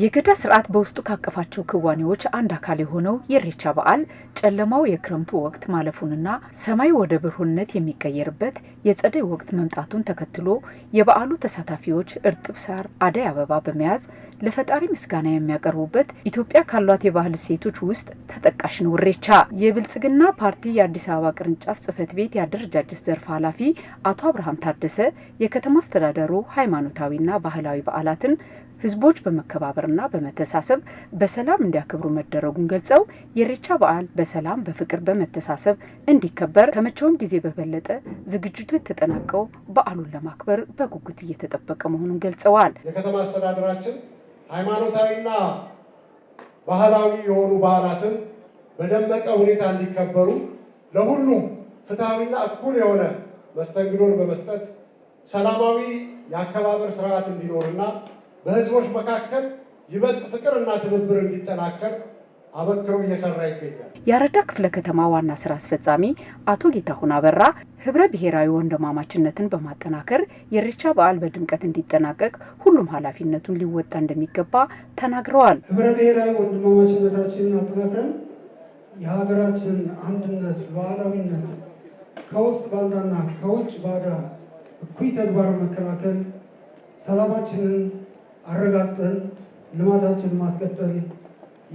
የገዳ ስርዓት በውስጡ ካቀፋቸው ክዋኔዎች አንድ አካል የሆነው የኢሬቻ በዓል ጨለማው የክረምቱ ወቅት ማለፉንና ሰማይ ወደ ብሩህነት የሚቀየርበት የጸደይ ወቅት መምጣቱን ተከትሎ የበዓሉ ተሳታፊዎች እርጥብ ሳር፣ አደይ አበባ በመያዝ ለፈጣሪ ምስጋና የሚያቀርቡበት ኢትዮጵያ ካሏት የባህል ሴቶች ውስጥ ተጠቃሽ ነው እሬቻ የብልጽግና ፓርቲ የአዲስ አበባ ቅርንጫፍ ጽህፈት ቤት የአደረጃጀት ዘርፍ ኃላፊ አቶ አብርሃም ታደሰ የከተማ አስተዳደሩ ሃይማኖታዊና ባህላዊ በዓላትን ህዝቦች በመከባበርና በመተሳሰብ በሰላም እንዲያከብሩ መደረጉን ገልጸው የሬቻ በዓል በሰላም በፍቅር፣ በመተሳሰብ እንዲከበር ከመቼውም ጊዜ በበለጠ ዝግጅቱ የተጠናቀው በዓሉን ለማክበር በጉጉት እየተጠበቀ መሆኑን ገልጸዋል። የከተማ አስተዳደራችን ሃይማኖታዊና ባህላዊ የሆኑ በዓላትን በደመቀ ሁኔታ እንዲከበሩ ለሁሉም ፍትሐዊና እኩል የሆነ መስተንግዶን በመስጠት ሰላማዊ የአከባበር ስርዓት እንዲኖርና በህዝቦች መካከል ይበልጥ ፍቅር ፍቅርና ትብብር እንዲጠናከር አበክሮ እየሰራ ይገኛል። የአረዳ ክፍለ ከተማ ዋና ስራ አስፈጻሚ አቶ ጌታሁን አበራ ህብረ ብሔራዊ ወንድማማችነትን በማጠናከር የኢሬቻ በዓል በድምቀት እንዲጠናቀቅ ሁሉም ኃላፊነቱን ሊወጣ እንደሚገባ ተናግረዋል። ህብረ ብሔራዊ ወንድማማችነታችንን አጠናክረን የሀገራችን አንድነት፣ ሉዓላዊነት ከውስጥ ባንዳና ከውጭ ባዳ እኩይ ተግባር መከላከል፣ ሰላማችንን አረጋግጠን ልማታችንን ማስቀጠል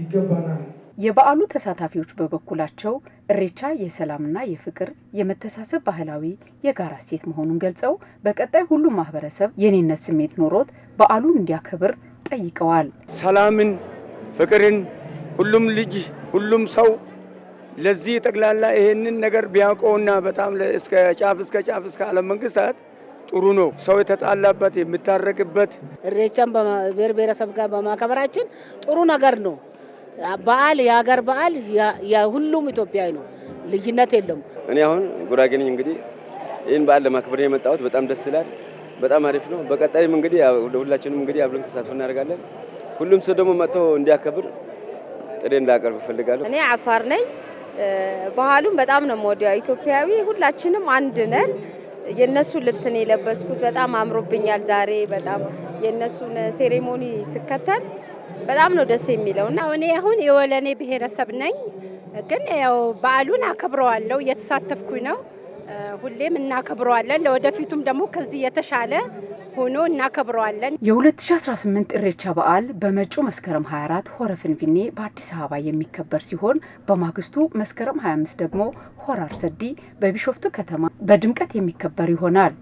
ይገባናል። የበዓሉ ተሳታፊዎች በበኩላቸው እሬቻ የሰላምና የፍቅር የመተሳሰብ ባህላዊ የጋራ እሴት መሆኑን ገልጸው በቀጣይ ሁሉም ማህበረሰብ የኔነት ስሜት ኖሮት በዓሉን እንዲያከብር ጠይቀዋል። ሰላምን፣ ፍቅርን ሁሉም ልጅ ሁሉም ሰው ለዚህ ጠቅላላ ይሄንን ነገር ቢያውቀውና በጣም እስከ ጫፍ እስከ ጫፍ እስከ ዓለም መንግስታት ጥሩ ነው። ሰው የተጣላበት የሚታረቅበት እሬቻን ብሔር ብሔረሰብ ጋር በማከበራችን ጥሩ ነገር ነው። በዓል የሀገር በዓል የሁሉም ኢትዮጵያዊ ነው። ልዩነት የለም። እኔ አሁን ጉራጌ ነኝ። እንግዲህ ይህን በዓል ለማክበር የመጣሁት በጣም ደስ ይላል። በጣም አሪፍ ነው። በቀጣይም እንግዲህ ሁላችንም እንግዲህ አብረን ተሳትፎ እናደርጋለን። ሁሉም ሰው ደግሞ መጥቶ እንዲያከብር ጥሬ እንዳቀርብ እፈልጋለሁ። እኔ አፋር ነኝ። ባህሉም በጣም ነው የምወደው። ኢትዮጵያዊ ሁላችንም አንድ ነን። የነሱ ልብስ ነው የለበስኩት። በጣም አምሮብኛል ዛሬ በጣም የነሱን ሴሬሞኒ ስከተል በጣም ነው ደስ የሚለው እና እኔ አሁን የወለኔ ብሔረሰብ ነኝ፣ ግን ያው በዓሉን አከብረዋለሁ እየተሳተፍኩኝ ነው። ሁሌም እናከብረዋለን። ለወደፊቱም ደግሞ ከዚህ የተሻለ ሆኖ እናከብረዋለን። የ2018 እሬቻ በዓል በመጪው መስከረም 24 ሆረ ፊንፊኔ በአዲስ አበባ የሚከበር ሲሆን በማግስቱ መስከረም 25 ደግሞ ሆረ አርሰዲ በቢሾፍቱ ከተማ በድምቀት የሚከበር ይሆናል።